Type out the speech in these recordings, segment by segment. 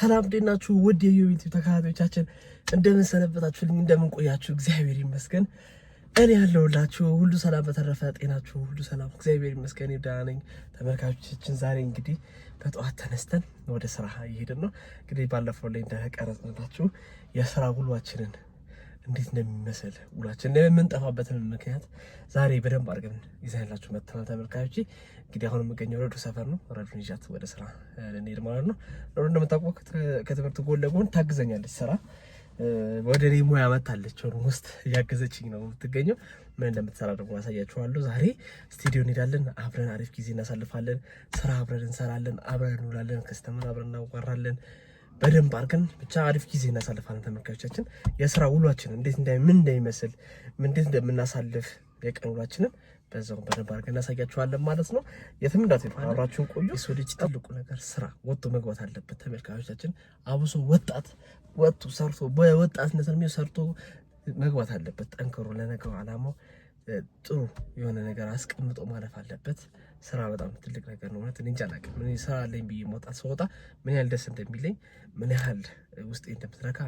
ሰላም እንዴት ናችሁ? ውድ የዩቲዩብ ተከታታዮቻችን እንደምን ሰነበታችሁልኝ? እንደምን ቆያችሁ? እግዚአብሔር ይመስገን እኔ ያለሁላችሁ ሁሉ ሰላም፣ በተረፈ ጤናችሁ ሁሉ ሰላም፣ እግዚአብሔር ይመስገን ደህና ነኝ። ተመልካቾቻችን ዛሬ እንግዲህ በጠዋት ተነስተን ወደ ስራ እየሄድን ነው። እንግዲህ ባለፈው ላይ እንደቀረጽንላችሁ የስራ ውሏችንን እንዴት እንደሚመስል ውላችን እንደምንጠፋበትን ምክንያት ዛሬ በደንብ አድርገን ይዘንላችሁ መጥተናል። ተመልካዮች እንግዲህ አሁን የምገኘው ረዱ ሰፈር ነው። ረዱን ይዣት ወደ ስራ ልንሄድ ማለት ነው። ረዱ እንደምታውቀው ከትምህርት ጎን ለጎን ታግዘኛለች። ስራ ወደ እኔ ሙያ መታለች። ውስጥ እያገዘችኝ ነው የምትገኘው። ምን እንደምትሰራ ደግሞ ያሳያችኋለሁ። ዛሬ ስቱዲዮ እንሄዳለን። አብረን አሪፍ ጊዜ እናሳልፋለን። ስራ አብረን እንሰራለን፣ አብረን እንውላለን፣ ከስተመር አብረን እናዋራለን። በደንብ አድርገን ብቻ አሪፍ ጊዜ እናሳልፋለን። ተመልካቾቻችን የስራ ውሏችን እንዴት እንደ ምን እንደሚመስል እንዴት እንደምናሳልፍ የቀን ውሏችንን በዛው በደንብ አድርገን እናሳያችኋለን ማለት ነው። የትም እንዳትሄዱ አብራችሁን ቆዩ። የሰው ልጅ ትልቁ ነገር ስራ ወጥቶ መግባት አለበት። ተመልካቾቻችን አብሶ ወጣት ወጥቶ ሰርቶ በወጣትነት ነው ሰርቶ መግባት አለበት። ጠንክሮ ለነገው አላማው ጥሩ የሆነ ነገር አስቀምጦ ማለፍ አለበት። ስራ በጣም ትልቅ ነገር ነው። እውነት እንጃ አላውቅም። ምን ስራ አለኝ ብዬ መውጣት ስወጣ ምን ያህል ደስ እንደሚለኝ ምን ያህል ውስጤ እንደምትረካ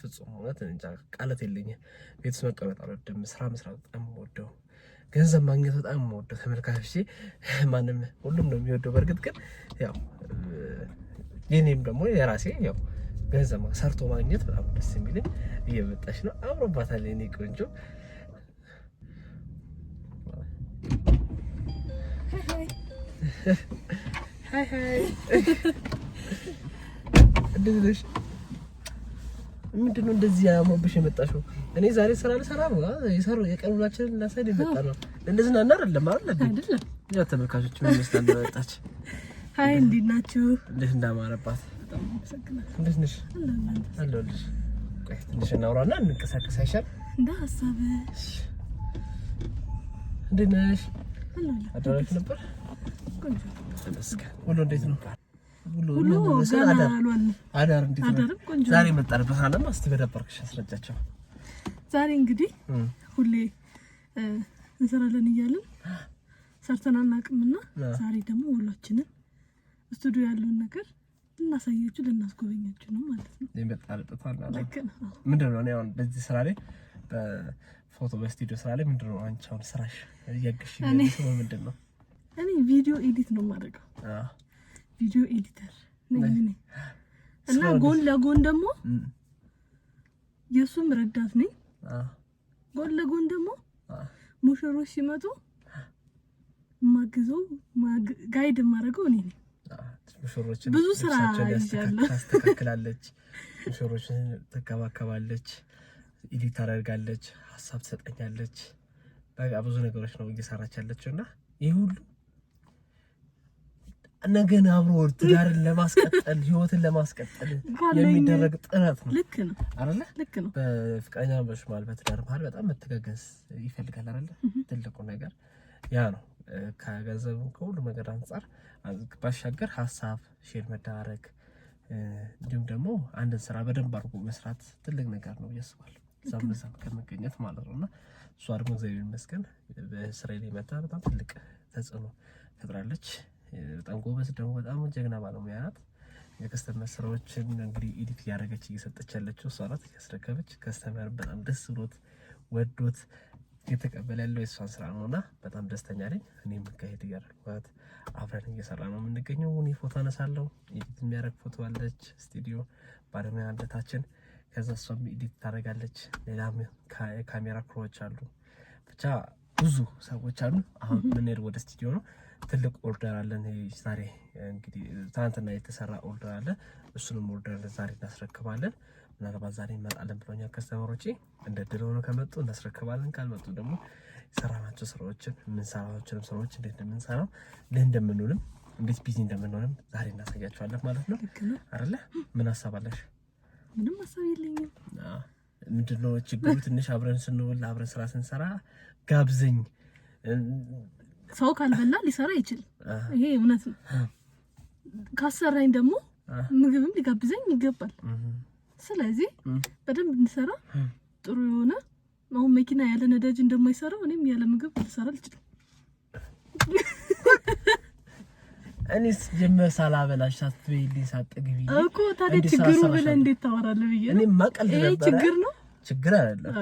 ፍጹም እውነት እንጃ ቃለት የለኝም። ቤት ውስጥ መቀመጥ አልወድም። ስራ መስራት በጣም ወደው ገንዘብ ማግኘት በጣም የምወደው ተመልካች ማንም ሁሉም ነው የሚወደው። በእርግጥ ግን ያው የኔም ደግሞ የራሴ ያው ገንዘብ ሰርቶ ማግኘት በጣም ደስ የሚልኝ እየመጣች ነው። አምሮባታል የኔ ቆንጆ Hi hi. እንደዚህ ነሽ? ምንድን ነው እንደዚህ ያሞብሽ የመጣሽው? እኔ ዛሬ ስራ ልሰራ ነው። የሰሩ የቀን ውላችንን እናሳይድ የመጣ ነው። እንደዚህ ናና አይደለም አይደለም አይደለም። ተመልካቾች ምን ይመስላል እንደመጣች። ሀይ እንዴት ናችሁ? እንዴት እንዳማረባት። እንዴት ነሽ? አለሁልሽ። ቆይ ትንሽ እናውራና እንንቀሳቀስ አይሻል? እንደ ሀሳብ እንዴት ነሽ? ነበር ሁሉ እንዴት ነው? ሁሉ አዳር እንዴት ነው? ዛሬ መጣንበት አለማ። እስቲ በደበርክሽ አስረጃቸው። ዛሬ እንግዲህ ሁሌ እንሰራለን እያለን ሰርተን አናውቅምና ዛሬ ደግሞ ውሏችንን ስቱዲዮ ያለውን ነገር ልናሳያችሁ ልናስጎበኛችሁ ነው ማለት ነው። ምንድን ነው አሁን በዚህ ስራ ላይ በፎቶ በስቱዲዮ ስራ ላይ ምንድን ነው አንቺ አሁን ስራሽ እያገሽ ምንድን ነው? ቪዲዮ ኤዲት ነው የማደርገው። ቪዲዮ ኤዲተር ነኝ እና ጎን ለጎን ደግሞ የእሱም ረዳት ነኝ። ጎን ለጎን ደግሞ ሙሽሮች ሲመጡ ማግዘው ጋይድ የማደርገው እኔ ነኝ። ሙሽሮችን ብዙ ስራ ታስተካክላለች፣ ሙሽሮችን ትንከባከባለች፣ ኢዲት ታደርጋለች፣ ሀሳብ ትሰጠኛለች። በቃ ብዙ ነገሮች ነው እየሰራች ያለችው እና ይህ ሁሉ ነገን አብሮ ትዳርን ለማስቀጠል ህይወትን ለማስቀጠል የሚደረግ ጥረት ነው። ልክ ነው አይደለ? ልክ ነው። በፍቅረኛ በሽማል በትዳር ባህል በጣም መተጋገዝ ይፈልጋል አይደለ? ትልቁ ነገር ያ ነው። ከገንዘቡ ከሁሉ ነገር አንጻር ባሻገር ሀሳብ ሼር መደራረግ እንዲሁም ደግሞ አንድን ስራ በደንብ አድርጎ መስራት ትልቅ ነገር ነው ያስባል። እዛም ከመገኘት ማለት ነው። እና እሷ ደግሞ እግዚአብሔር ይመስገን በስራ ላይ መታ በጣም ትልቅ ተጽዕኖ ፈጥራለች። በጣም ጎበዝ ደግሞ በጣም ጀግና ባለሙያ ናት። የከስተመር ስራዎችን እንግዲህ ኢዲት እያደረገች እየሰጠች ያለችው እሷ ናት፣ እያስረከበች ከስተመር በጣም ደስ ብሎት ወዶት እየተቀበለ ያለው የእሷን ስራ ነው እና በጣም ደስተኛ ነኝ። እኔም መካሄድ እያደረግኳት አብረን እየሰራ ነው የምንገኘው። እኔ ፎቶ አነሳለሁ፣ ኢዲት የሚያደረግ ፎቶ አለች፣ ስቱዲዮ ባለሙያ አለታችን። ከዛ እሷም ኢዲት ታደርጋለች። ሌላም ካሜራ ክሮዎች አሉ፣ ብቻ ብዙ ሰዎች አሉ። አሁን የምንሄድ ወደ ስቱዲዮ ነው። ትልቅ ኦርደር አለን። ዛሬ እንግዲህ ትናንትና የተሰራ ኦርደር አለ። እሱንም ኦርደር ዛሬ እናስረክባለን። ምናልባት ዛሬ እንመጣለን ብሎኛል ከስተመሮቼ። እንደ ድል ሆኖ ከመጡ እናስረክባለን፣ ካልመጡ ደግሞ የሰራናቸው ስራዎችን የምንሰራቸውንም ስራዎች እንዴት እንደምንሰራው ልህ እንደምንውልም እንዴት ቢዚ እንደምንሆንም ዛሬ እናሳያቸዋለን ማለት ነው አለ ምን ሀሳብ አለሽ? ምንም ሀሳብ የለኝም። ምንድነው ችግሩ? ትንሽ አብረን ስንውል አብረን ስራ ስንሰራ ጋብዘኝ ሰው ካልበላ ሊሰራ አይችልም። ይሄ እውነት ነው። ካሰራኝ ደግሞ ምግብም ሊጋብዘኝ ይገባል። ስለዚህ በደንብ እንሰራ ጥሩ የሆነ አሁን መኪና ያለ ነዳጅ እንደማይሰራው እኔም ያለ ምግብ ልሰራ አልችልም። እኔስ ጀመር ሳላበላሽ ሳትበይልኝ ሳትጠግቢ እኮ ታዲያ ችግሩ ብለህ እንዴት ታወራለህ ብዬ እኔ ማቀል ነበር። ችግር ነው ችግር አይደለም።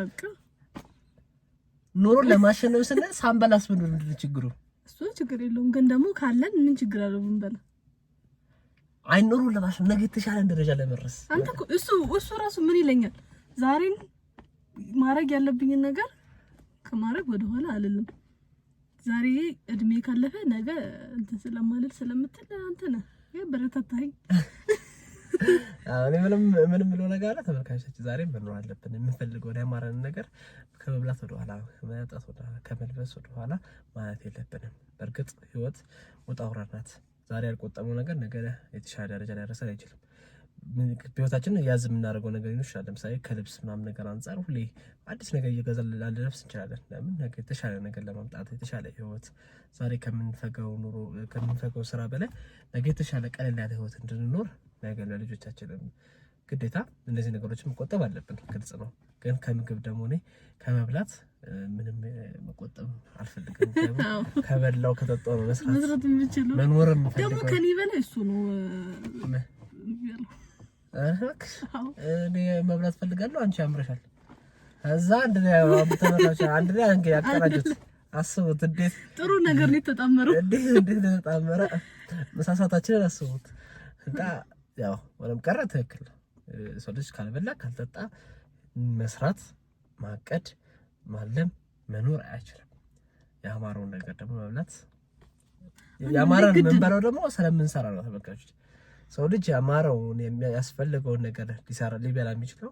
ኑሮን ለማሸነፍ ስለ ሳንበላስ ምን ምንድን ነው ችግሩ? እሱ ችግር የለውም ግን ደግሞ ካለን ምን ችግር አለው ብንበላ? አይ ኑሮን ለማሸነፍ ነገ የተሻለን ደረጃ ለመድረስ አንተ እኮ እሱ እሱ ራሱ ምን ይለኛል? ዛሬን ማድረግ ያለብኝን ነገር ከማድረግ ወደኋላ አልልም። ዛሬ እድሜ ካለፈ ነገ እንትን ስለማልል ስለምትል አንተ ነህ ያበረታታኸኝ። ምንም ምንም ብሎ ነገር አለ። ተመልካቾች ዛሬ መኖር አለብን። የምንፈልገው ያማረን ነገር ከመብላት ወደኋላ ከመጠጣት ወደኋላ ከመልበስ ወደኋላ ማለት የለብንም። በእርግጥ ህይወት ውጣ ውረድ ናት። ዛሬ ያልቆጠመው ነገር ነገ የተሻለ ደረጃ ሊያደርሰን አይችልም። ህይወታችንን ያዝ የምናደርገው ነገር ሊኖር ይችላል። ለምሳሌ ከልብስ ምናምን ነገር አንጻር ሁሌ አዲስ ነገር እየገዛ ላለብስ እንችላለን። ለምን ነገ የተሻለ ነገር ለማምጣት የተሻለ ህይወት ዛሬ ከምንፈገው ኑሮ ከምንፈገው ስራ በላይ ነገ የተሻለ ቀለል ያለ ህይወት እንድንኖር ነገ ለልጆቻችንም ግዴታ እነዚህ ነገሮች መቆጠብ አለብን። ግልጽ ነው። ግን ከምግብ ደግሞ እኔ ከመብላት ምንም መቆጠብ አልፈልግም። ከበላው ከጠጣው ነው መስራት መኖር ደግሞ ከኔ በላይ እሱ ነው። መብላት ፈልጋለሁ፣ አንቺ ያምረሻል። እዛ አንድ አንድ አንድ ያቀራጁት አስቡት፣ እንዴት ጥሩ ነገር ነው የተጣመረው፣ እንዴት ተጣመረ መሳሳታችንን አስቡት። ያው ምንም ቀረ ትክክል ነው። ሰው ልጅ ካልበላ ካልጠጣ መስራት ማቀድ ማለም መኖር አይችልም። የአማረውን ነገር ደግሞ መብላት የአማረን መንበረው ደግሞ ስለምንሰራ ነው። ተመልካቾች ሰው ልጅ የአማረውን ያስፈልገውን ነገር ሊሰራ ሊበላ የሚችለው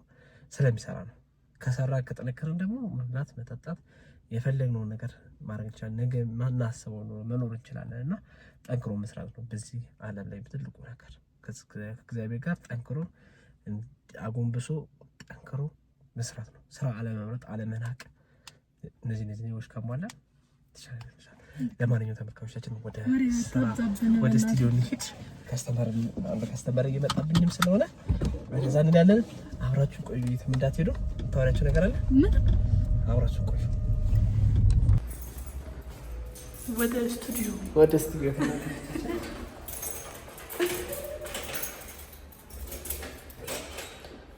ስለሚሰራ ነው። ከሰራ ከጠነከረን ደግሞ መብላት መጠጣት የፈለግነውን ነገር ማድረግ እንችላለን። ነገ ማናስበው መኖር እንችላለን እና ጠንክሮ መስራት ነው በዚህ ዓለም ላይ ትልቁ ነገር ከእግዚአብሔር ጋር ጠንክሮ አጎንብሶ ጠንክሮ መስራት ነው። ስራ አለመምረጥ፣ አለመናቅ እነዚህ እነዚህ ነገሮች ካሟላ ተሻለ ይመስላል። ለማንኛውም ተመልካቾቻችን ወደ ስቱዲዮ እንሂድ። ከስተመር አንድ ከስተመር እየመጣብኝም ስለሆነ በዛ እንላለን። አብራችሁ ቆዩ። የትም እንዳትሄዱ። የምታወሪያቸው ነገር አለ። አብራችሁ ቆዩ። ወደ ስቱዲዮ ወደ ስቱዲዮ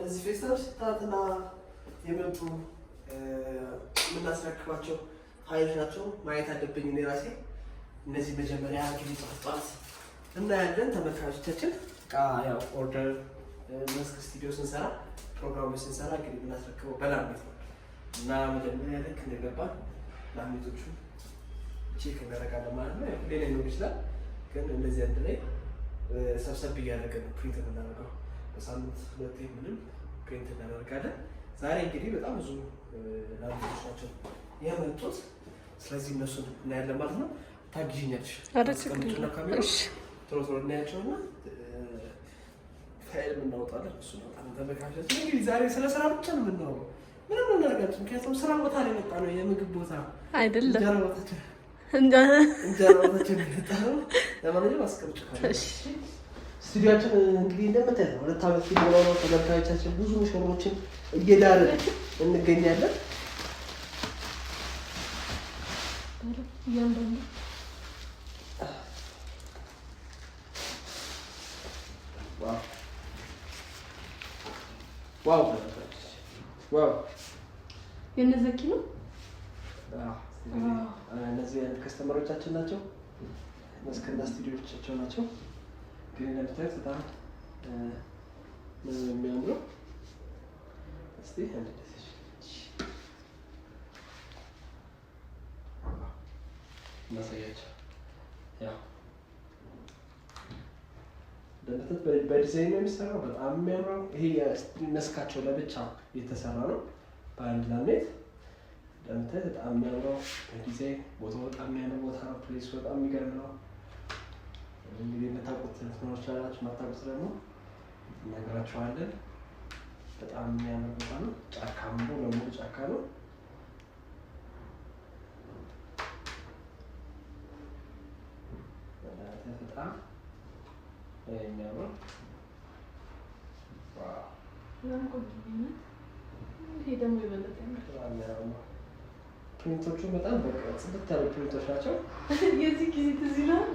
እነዚህ ትናንትና የመጡ የምናስረክባቸው ሀይሎች ናቸው። ማየት አለብኝ እኔ ራሴ። እነዚህ መጀመሪያ ጊዜ ጠዋት ጠዋት እናያለን። ተመልካቾቻችን ያው ኦርደር መስክ ስቱዲዮ ስንሰራ ፕሮግራሙ ስንሰራ እንግዲህ የምናስረክበው በላሜት ነው እና መጀመሪያ ልክ እንደገባ ላሜቶቹ ቼክ እናደርጋለን ማለት ነው። ሌላ ሊሆን ይችላል፣ ግን እንደዚህ አንድ ላይ ሰብሰብ እያደረገ ነው ፕሪንት የምናደርገው በሳምንት ሁለቴ ምንም ፕሪንት እናደርጋለን። ዛሬ እንግዲህ በጣም ብዙ ላንጎች ናቸው የመጡት። ስለዚህ እነሱን እናያለን ማለት ነው። ታግዥኛለሽ አስቀምጭና ቶሎ ቶሎ እናያቸውና ፋይል እሱ በጣም እንግዲህ ዛሬ ስለ ስራ ብቻ ነው የምናወራው። ምንም እናደርጋቸው፣ ምክንያቱም ስራ ቦታ ላይ መጣ ነው የምግብ ቦታ አይደለም። እንጀራ ቦታችን እንጀራ ቦታችን ነው የመጣ ነው ለማለት አስቀምጭ ካለ ስቱዲያችን እንግዲህ እንደምታይ ነው። ሁለት ዓመት ፊት ነው ተመልካዮቻችን ብዙ ሾሮችን እየዳረ እንገኛለን። የነዘኪ ነው እነዚህ ከስተመሮቻችን ናቸው። መስከና ስቱዲዮቻቸው ናቸው። ግን እንደምታዩት በጣም የሚያምረው እስቲ እንደምታዩት በዲዛይን ነው የሚሰራው። በጣም የሚያምረው ይሄ መስካቸው ለብቻ የተሰራ ነው በአንድ ላሜት እንደምታዩት በጣም የሚያምረው በዲዛይን ቦታው በጣም የሚያምር ቦታ ነው። ፕሌሱ በጣም የሚገርም ነው። እንግዲህ የምታውቁት ትኖች ያላችሁ ማታውቁት ደግሞ ነገራችኋለን። በጣም የሚያምር ቦታ ነው። ጫካ ሙሉ ለሙሉ ጫካ ነው። በጣም የሚያምር ፕሪንቶቹ በጣም በቃ ጽድት ያሉ ፕሪንቶች ናቸው። የዚህ ጊዜ ትዝ ይላል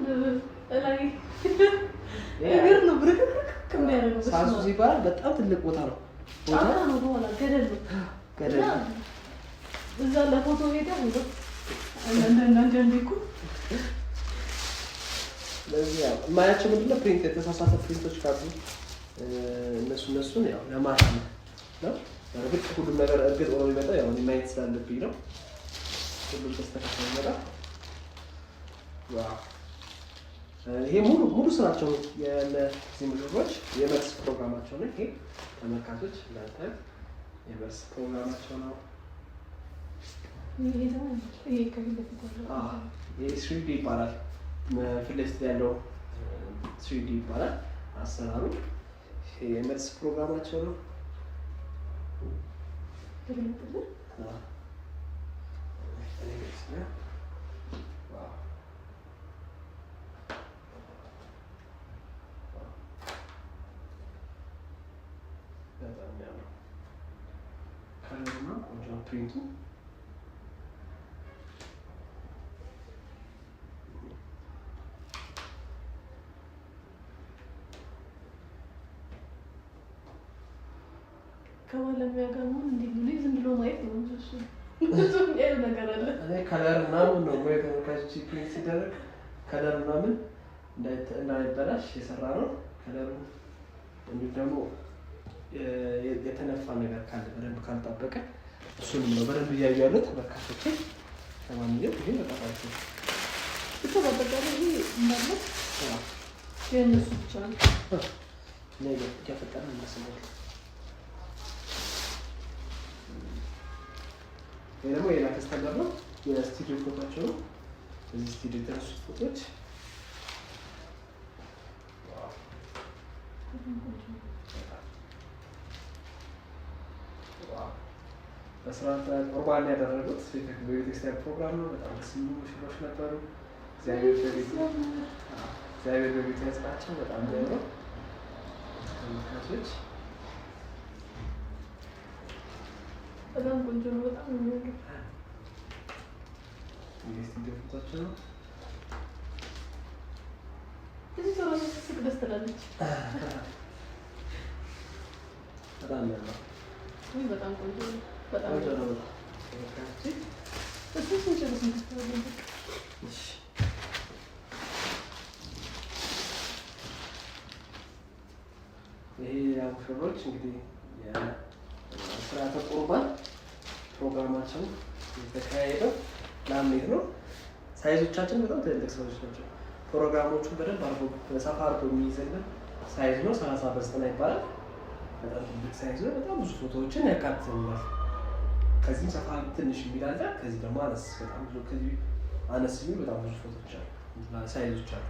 እግር ነው ብርክርክ የሚያደርገው። ሳሱ ሲባል በጣም ትልቅ ቦታ ነው። ጫካ ነው በኋላ ገደል ነው። ገደል እዛ ለፎቶ ሄደ እንደንደንደንዴ እኮ ማያቸው ምንድን ነው ፕሪንት የተሳሳተ ፕሪንቶች ካሉ እነሱ እነሱን ያው ለማሳመር ነው። እርግጥ ሁሉም ነገር እርግጥ ሆኖ የሚመጣ ያው ማየት ስላለብኝ ነው። ሁሉም ተስተካክሎ ይመጣል። ይሄ ሙሉ ሙሉ ስራቸው የእነዚህ ምድሮች የመልስ ፕሮግራማቸው ነው። ይሄ ተመልካቾች እናንተ የመልስ ፕሮግራማቸው ነው። ይሄ ስሪዲ ይባላል። ፊት ለፊት ያለው ስሪዲ ይባላል። አሰራሩ የመልስ ፕሮግራማቸው ነው። ከለሩና ቆንጆ ፕሪንቱ ከባለሙያ ጋር መሆን እንዴት ነው? ዝም ብሎ ማየት ነው እንጂ እሱ ከለር ምናምን ነው ወይ ከዚህ ፕሪንት ሲደረግ ከለር ምናምን እንዳይበላሽ የሰራ ነው። ከለሩ እንዲሁም ደግሞ የተነፋ ነገር ካለ በደንብ ካልጠበቀ እሱንም ነው በደንብ እያዩ ያሉት በርካቶች። ለማንኛውም የእነሱ ብቻ እያፈጠነ ይህ ደግሞ የላ ነው የስቱዲዮ ፎቶቸው ነው። እዚህ ስቱዲዮ ፎቶች በስርዓት ቁርባን ያደረጉት ቤተክርስቲያን ፕሮግራም ነው። በጣም ደስ የሚሉ ሽሮች ነበሩ። እግዚአብሔር በቤቱ ያጽናቸው። በጣም ሮ ተመልካቾች በጣም ቆንጆ ነው። በጣም የሚወዱ እንደምታቸው ነው። እዚህ ሰው ስቅ ደስ ትላለች። በጣም በጣም ቆንጆ ነው። ይህ ሙሽሮች እንግዲህ የስርዓተ ቁርባን ፕሮግራማችን የተካሄደው ላምሌት ነው። ሳይዞቻችን በጣም ትልልቅ ሰዎች ናቸው። ፕሮግራሞቹ በደንብ አርጎ ሰፋ አርጎ የሚይዝልን ሳይዝ ነው። ሰላሳ በዘጠና ይባላል። በጣም ትልቅ ሳይዝ ነው። በጣም ብዙ ፎቶዎችን ያካትትልናል። ከዚህ ሰፋ ትንሽ የሚላለ ከዚህ ደግሞ አነስ በጣም ብዙ ከዚህ አነስ የሚል በጣም ብዙ ፎቶች አሉ፣ ሳይዞች አሉ።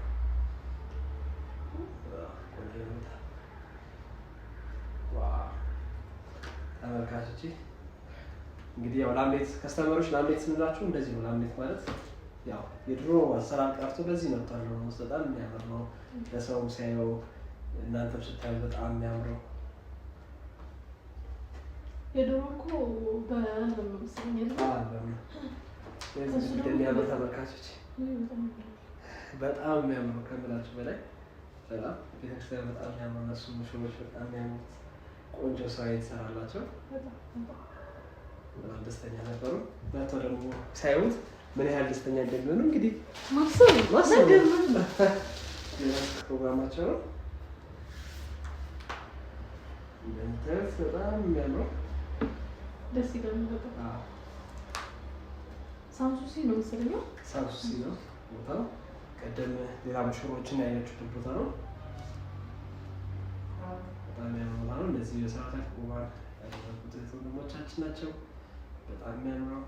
ተመልካቾች እንግዲህ ያው ላምሌት ከስተመሮች ላምሌት ስንላችሁ እንደዚህ ነው። ላምሌት ማለት ያው የድሮ አሰራር ቀርቶ በዚህ መጥቷል። ነው በጣም የሚያምር ነው። ለሰውም ሲያየው እናንተም ስታዩ በጣም የሚያምረው የድሮ እኮ የሚያምር ተመልካቾች በጣም የሚያምሩ ከምላችሁ በላይ በጣም ቤተክርስቲያን በጣም የሚያምሩ እነሱ ሙሽሮች በጣም የሚያምሩት ቆንጆ ስራ የተሰራላቸው በጣም ደስተኛ ነበሩ። መቶ ደግሞ ሳይሆን ምን ያህል ደስተኛ እንደሚሆኑ እንግዲህ ፕሮግራማቸው ነው። በጣም የሚያምረው ደስ ይላል። በጣም ሳምሱሲ ነው መሰለኝ። ሳምሱሲ ነው ቦታው። ቀደም ሌላ ሙሽሮችን ያያችሁበት ቦታ ነው። በጣም የሚያምር ነው። እነዚህ የሰራተኛ ቁባር ያደረጉት ወንድሞቻችን ናቸው። በጣም የሚያምረው ነው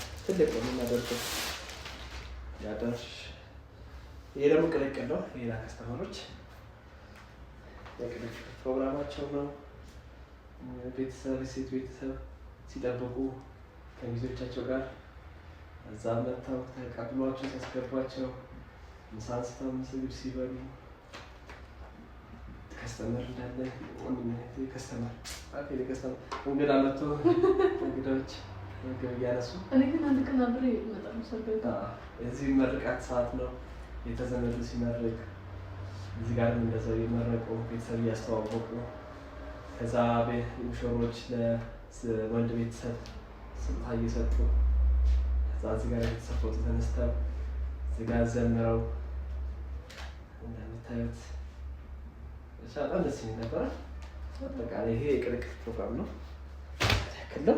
ትልቅ ነው የምናደርገው። ያዳሽ ይሄ ደግሞ ቅልቅል ነው። ሌላ ከስተመሮች ቅልቅል ፕሮግራማቸው ነው። ቤተሰብ ሴት ቤተሰብ ሲጠብቁ ከሚዜዎቻቸው ጋር እዛ መጥተው ተቀብሏቸው ሲያስገቧቸው ምሳ አንስተው ምግብ ሲበሉ ከስተመር እንዳለ ከስተመር ከስተመር እንግዳ መጥቶ እንግዳዎች እያነሱ እኔ ግን አንድ ቀን አብሬ በጣም ሰገድ እዚህ መርቃት ሰዓት ነው የተዘመዱ ሲመረቅ እዚህ ጋር እንደሰው የመረቁ ቤተሰብ እያስተዋወቁ ከዛ ሙሽሮች ለወንድ ቤተሰብ ስጦታ እየሰጡ ከዛ እዚህ ጋር ቤተሰብ ፎቶ ተነስተው እዚህ ጋር ዘምረው እንደምታዩት በጣም ደስ የሚል ነበረ። በቃ ይሄ የቅርቅር ፕሮግራም ነው ያክል ነው።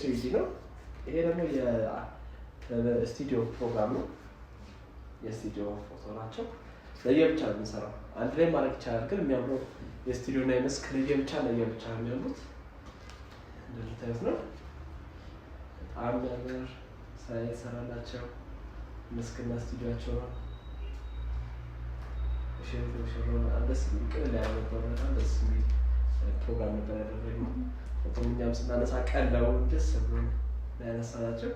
ስዊዚ ነው። ይሄ ደግሞ የስቱዲዮ ፕሮግራም ነው። የስቱዲዮ ፎቶ ናቸው። ለየብቻ ነው የምንሰራው። አንድ ላይ ማድረግ ይቻላል፣ ግን የሚያምረው የስቱዲዮ እና የመስክ ለየብቻ ለየብቻ ነው የሚያምሩት። እንደምታዩት ነው። በጣም የሚያምር ስራ የተሰራላቸው መስክና ስቱዲዮቸው ነው። ሸሪፍ ሸሪፍ በጣም ደስ ፕሮግራም ነበር ያደረግ ፎቶም እኛም ስናነሳ ቀለው ደስ ብሎ ያነሳናቸው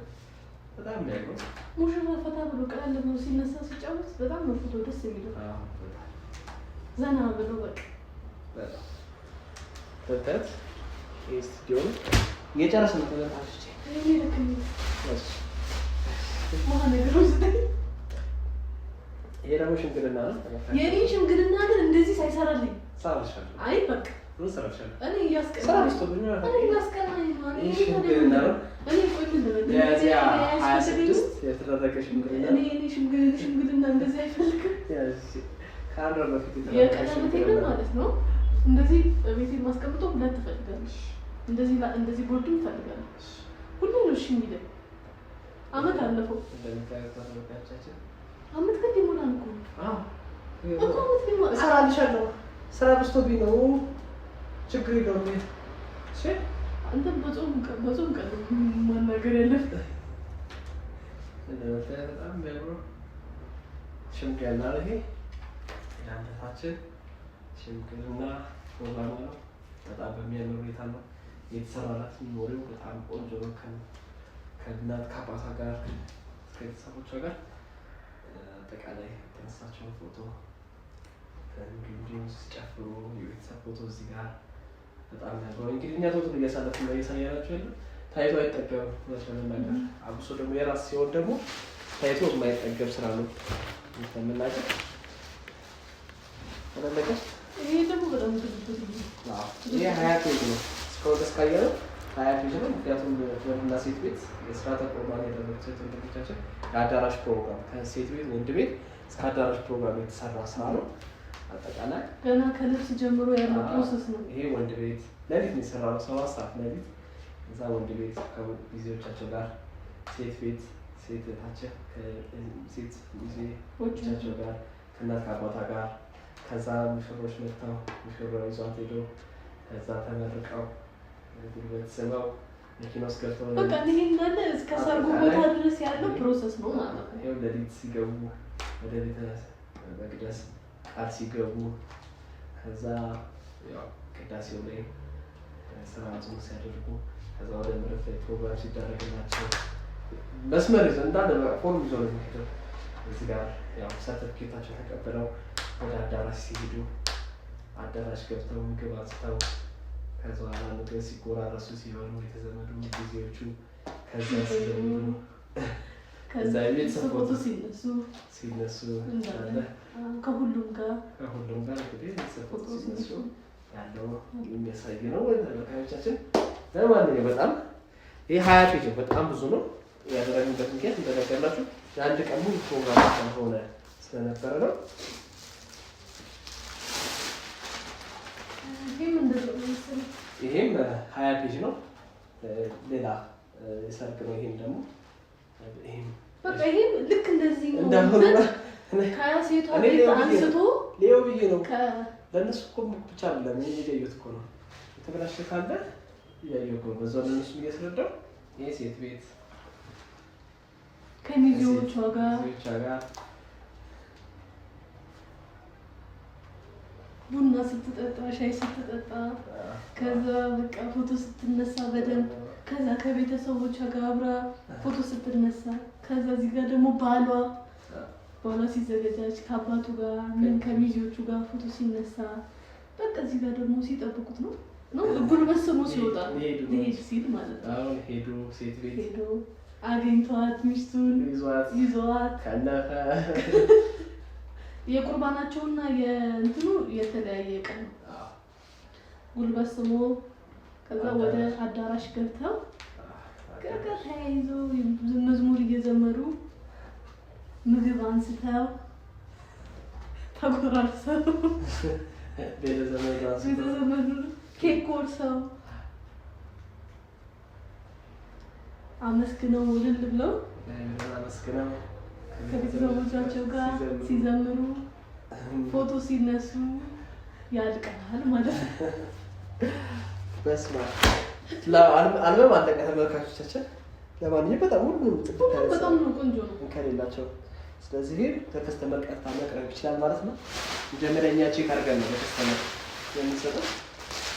በጣም የሚያውቀው ሙሽራ ፈታ ብሎ ቀለል ብሎ ሲነሳ ሲጫወት በጣም ነው ፎቶ ደስ የሚለው ዘና ብሎ በጣም ስቱዲዮን እየጨረስን ነው ተመልካቾች። ይሄ ደግሞ ሽምግልና ነው። የኔ ሽምግልና ግን እንደዚህ ሳይሰራልኝ አይ በቃ ሽምግልና እንደዚህ አይፈልግም። የቀለበቴንም ማለት ነው እንደዚህ ቤቴ ማስቀምጦ ሁለት እፈልጋለሁ። እንደዚህ ቦርዱ እፈልጋለሁ። ሁሉ ነው እሺ የሚለኝ አመት አለፈው እሰራልሻለሁ። ስራ ብስቶብኝ ነው። ችግር የለውም። አንተ በጾም ቀን በጾም ያለብህ በጣም የሚያምሩ ሽምቅ ያልናል። ይሄ የአንተታችን ሽምቅና ፕሮግራም ነው። በጣም በሚያምር ሁኔታ ነው የተሰራላት። የሚኖሪው በጣም ቆንጆ ነው። ከእናት ከአባቷ ጋር ከቤተሰቦቿ ጋር አጠቃላይ የተነሳቸውን ፎቶ እንዲሁም ዲምስ ሲጨፍሩ የቤተሰብ ፎቶ እዚህ ጋር በጣም ነበሩ። እንግዲህ እኛ ተወት እያሳለፍ ነው እያሳያላቸው ያለ ታይቶ አይጠገብ ስለምናገር አብሶ ደግሞ የራስ ሲሆን ደግሞ ታይቶ የማይጠገብ ስራ ነው ስለምናገር ተለለቀ ይህ ደግሞ በጣም ይሄ ሀያ ነው እስከወደ እስካየ ሀያት ቪዥን ምክንያቱም ወንድና ሴት ቤት የስራ ቁርባን ያደረጉት ሴት ወንድሞቻችን የአዳራሽ ፕሮግራም ከሴት ቤት ወንድ ቤት እስከ አዳራሽ ፕሮግራም የተሰራ ስራ ነው። አጠቃላይ ገና ከልብስ ጀምሮ ያለው ፕሮሰስ ነው። ይሄ ወንድ ቤት ለሊት ነው የሰራ ነው። ሰባት ሰዓት ለሊት እዛ ወንድ ቤት ከጊዜዎቻቸው ጋር ሴት ቤት ሴት ታቸው ሴት ጊዜዎቻቸው ጋር ከእናት ከአባታ ጋር ከዛ ሙሽሮች መጥተው ሙሽሮ ይዟት ሄዶ ከዛ ተመርቀው ጉልበት ስበው መኪና ውስጥ ገብተው በቃ እስከ ሰርጉ ቦታ ድረስ ፕሮሰስ ነው ማለት ነው። ሲገቡ ወደ ቤተ መቅደስ ቃል ሲገቡ ከዛ ቅዳሴው ላይ ስርዓቱን ሲያደርጉ ከዛ ወደ ምረት ላይ ፕሮግራም ሲደረግላቸው መስመር እንዳለ ፎርም ነው የሚሄደው። እዚህ ጋር ተቀብለው ወደ አዳራሽ ሲሄዱ አዳራሽ ገብተው ምግብ አጽተው ከዘኋላ ነገ ሲጎራረሱ ሲበሉ የተዘመዱ ጊዜዎቹ ከዛ ሲዘመዱ ከዛ ቤተሰብ ፎቶ ሲነሱ ሲነሱ ከሁሉም ጋር ከሁሉም ጋር እንግዲህ ቤተሰብ ሲነሱ ያለው የሚያሳይ ነው። ወይ ተመልካዮቻችን፣ ለማንኛውም በጣም ይህ ሀያ ፔጅ በጣም ብዙ ነው። ያደረግንበት ምክንያት እንደነገርናችሁ የአንድ ቀን ሙሉ ፕሮግራም ስለሆነ ስለነበረ ነው። ይሄም ሀያ ፔጅ ነው። ሌላ የሰርግ ነው። ይሄም ደግሞ ይሄም ልክ እንደዚህ ብዬ ነው። ለእነሱ እኮ ብቻ አይደለም እኮ ነው። የተበላሸ ካለ እያየሁ እኮ ለእነሱ እያስረዳሁ ይሄ ሴት ቤት ከሚዜዎቿ ጋር ቡና ስትጠጣ፣ ሻይ ስትጠጣ፣ ከዛ በቃ ፎቶ ስትነሳ በደንብ ከዛ ከቤተሰቦቿ ጋር አብራ ፎቶ ስትነሳ፣ ከዛ እዚህ ጋር ደግሞ ባሏ ባሏ ሲዘገጃች ከአባቱ ጋር ምን ከሚዜዎቹ ጋር ፎቶ ሲነሳ፣ በቃ እዚህ ጋር ደግሞ ሲጠብቁት ነው ነው ጉልበት ስሙ ሲወጣ ሄድ ሲል ማለት ነው። ሄዶ ሴት ቤት ሄዶ አግኝተዋት ሚስቱን ይዘዋት ከነፈ የቁርባናቸውና የእንትኑ የተለያየ ቀን ነው። ጉልበት ስሞ ከዛ ወደ አዳራሽ ገብተው ከዛ ተያይዞ መዝሙር እየዘመሩ ምግብ አንስተው ተጎራርሰው ቤተዘመዱ ኬክ ቆርሰው አመስግነው ውልል ብለው አመስግነው ከቤተሰቦቻቸው ጋር ሲዘምሩ ፎቶ ሲነሱ ያልቀናል ማለት ነው። አልበም አለቀ። ተመልካቾቻችን ለማንኛውም በጣም ሁሉም በጣም ነው ቆንጆ ነው ከሌላቸው ስለዚህ ከከስተመር ቀጥታ መቅረብ ይችላል ማለት ነው። መጀመሪያ ቼክ አድርገን ነው ለከስተመር የምንሰጠው።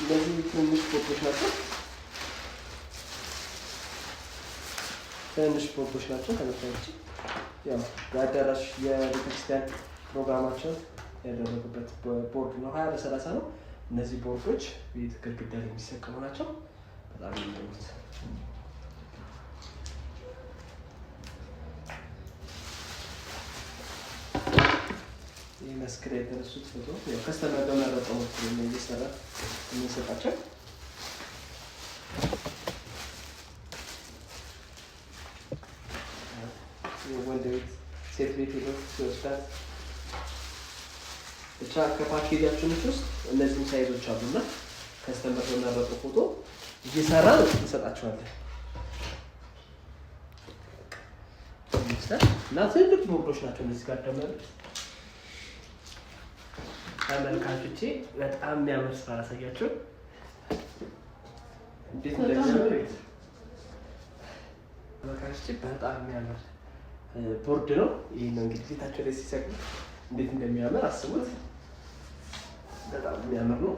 እነዚህ ትንሽ ፎቶች ናቸው፣ ትንሽ ፎቶች ናቸው ተመልካቾች የአዳራሽ የቤተክርስቲያን ፕሮግራማቸው ያደረጉበት ቦርድ ነው። ሀያ በሰላሳ ነው። እነዚህ ቦርዶች ቤት ግድግዳ ላይ የሚሰቀሉ ናቸው። በጣም የሚሉት ይህ መስክር የተነሱት ፎቶ ከስተመር በመረጠው እየሰራ የምንሰጣቸው ወንድ ቤት ሴት ቤት ሄዶ ሲወስዳት ብቻ ከፓኬጃችን ውስጥ እነዚህም ሳይዞች አሉና ከስተመር በመረጡ ፎቶ እየሰራ እንሰጣቸዋለን እና ትልቅ ቦርዶች ናቸው እነዚህ ጋር ደመሉት። ተመልካቾቼ በጣም የሚያምር ስራ አሳያቸው። እንዴት እንደሚያምር ተመልካቾቼ በጣም የሚያምር ቦርድ ነው። ይህ ነው እንግዲህ ፊታቸው ላይ ሲሰቅ እንዴት እንደሚያምር አስቡት። በጣም የሚያምር ነው።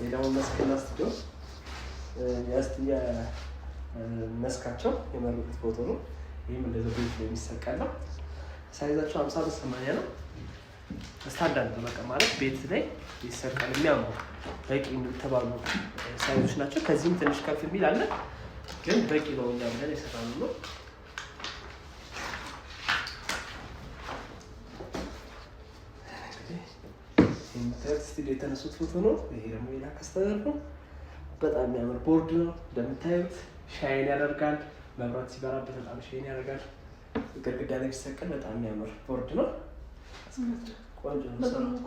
ሌላውን መስክና ስቱዲዮ መስካቸው የመረጡት ፎቶ ነው። ይህም እንደዚ ቤት የሚሰቀል ነው። ሳይዛቸው አምሳ በሰማንያ ነው። ስታንዳርድ በመቀ ማለት ቤት ላይ ይሰቃል። የሚያምሩ በቂ የተባሉ ሳይዞች ናቸው። ከዚህም ትንሽ ከፍ የሚል አለ፣ ግን በቂ ነው እኛ ብለን የሰራነው ነው። ስቲል የተነሱት ፎቶ ነው። ይሄ ደግሞ ሌላ ከስተመር ነው። በጣም የሚያምር ቦርድ ነው እንደምታዩት፣ ሻይን ያደርጋል። መብራት ሲበራበት በጣም ሻይን ያደርጋል። ግድግዳ ላይ ሲሰቀል በጣም የሚያምር ቦርድ ነው። ቆንጆ የሰሩት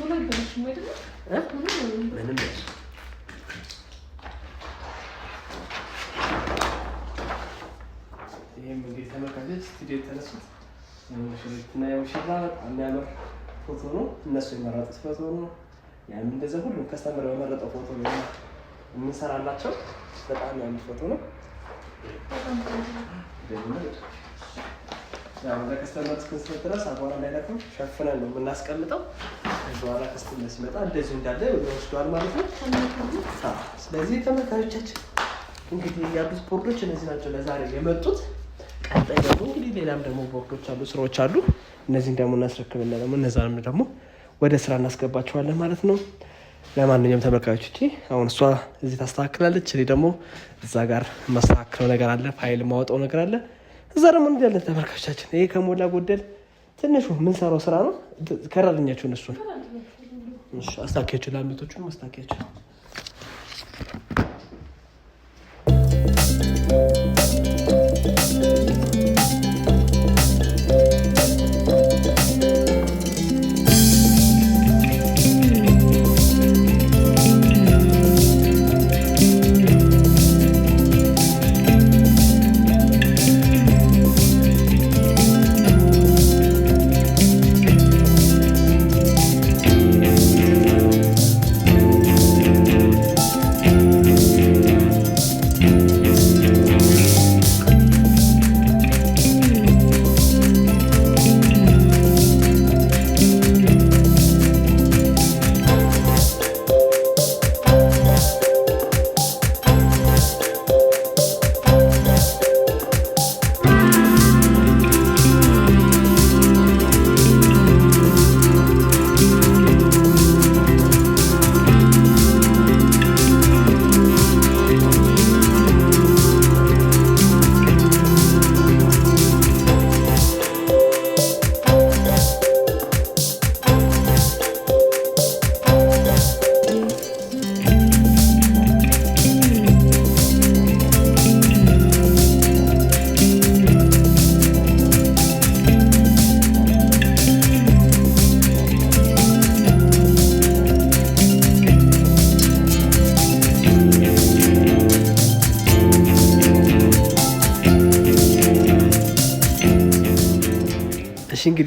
ምንም ይህም እንግዲህ ተመልካቾች ስቱዲዮ የተነሱት የሙሽሪትና የሙሽራ በጣም የሚያምር ፎቶ ነው። እነሱ የመረጡት ፎቶ ነው። ያም እንደዚያ ሁሉም ከስተመር የመረጠው ፎቶ ነው የምንሰራላቸው። በጣም የሚያምር ፎቶ ነው። ለከስተመር ድረስ አቧራ ሸፍነን ነው የምናስቀምጠው። በኋላ ሲመጣ እንደዚሁ እንዳለ ወስደዋል ማለት ነው። ስለዚህ ተመልካቾቻችን እንግዲህ ያሉት ቦርዶች እነዚህ ናቸው ለዛሬ የመጡት። ቀጣይ ደግሞ እንግዲህ ሌላም ደግሞ ቦርዶች አሉ፣ ስራዎች አሉ። እነዚህን ደግሞ እናስረክብና ደግሞ እነዛንም ደግሞ ወደ ስራ እናስገባቸዋለን ማለት ነው። ለማንኛውም ተመልካቾች አሁን እሷ እዚህ ታስተካክላለች፣ እኔ ደግሞ እዛ ጋር መስተካክለው ነገር አለ፣ ፋይል ማወጣው ነገር አለ። እዛ ደግሞ እንዲያለን ተመልካቾቻችን፣ ይሄ ከሞላ ጎደል ትንሹ የምንሰራው ስራ ነው። ከራልኛችሁን እሱን አስታኪያችሁ ላሜቶቹን አስታኪያችሁ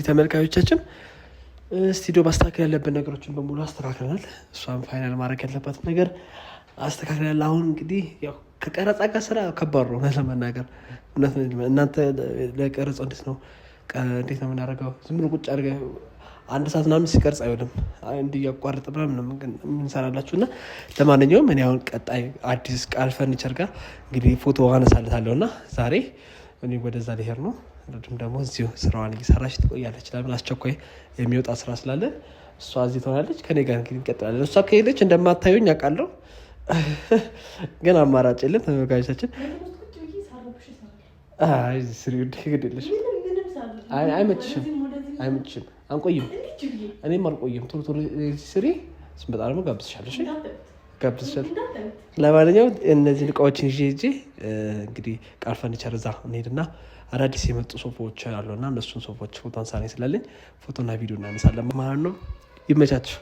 ተመልካዮቻችን ስቱዲዮ ማስተካከል ያለብን ነገሮችን በሙሉ አስተካክለናል። እሷም ፋይናል ማድረግ ያለባት ነገር አስተካክለናል። አሁን እንግዲህ ከቀረጻ ጋር ስራ ከባድ ነው ለመናገር እናንተ ለቀረጻ እንዴት ነው እንዴት ነው የምናደርገው? ዝም ብሎ ቁጭ አድርገ አንድ ሰዓት ምናምን ሲቀርጽ አይሆንም። እንዲያቋርጥ ያቋርጥ የምንሰራላችሁ እና ለማንኛውም እኔ አሁን ቀጣይ አዲስ ቃል ፈርኒቸር ጋር እንግዲህ ፎቶ አነሳለታለሁ እና ዛሬ እኔ ወደዛ ሊሄር ነው። አትረድም። ደግሞ እዚሁ ስራዋን እየሰራች ትቆያለች። ለምን አስቸኳይ የሚወጣ ስራ ስላለ እሷ እዚህ ትሆናለች። ከኔ ጋር እንግዲህ እንቀጥላለን። እሷ ከሄደች እንደማታዩኝ አውቃለሁ፣ ግን አማራጭ የለም። ተመጋቢታችን አይመችሽም፣ አይመችሽም። አንቆይም፣ እኔም አልቆይም። ቶሎ ቶሎ ስሪ። ስመጣ ደግሞ ጋብዝሻለሽ ጋብዝሻል። ለማንኛውም እነዚህን እቃዎችን ይዤ እንግዲህ ቃል ፈርኒቸር እዛ እንሄድና አዳዲስ የመጡ ሶፎዎች አሉ እና እነሱን ሶፎዎች ፎቶ አንሳኔ ስላለኝ ፎቶና ቪዲዮ እናነሳለን ማለት ነው። ይመቻችሁ።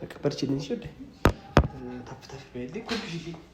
በቀበርችልኝ ሽ ተፍተፍ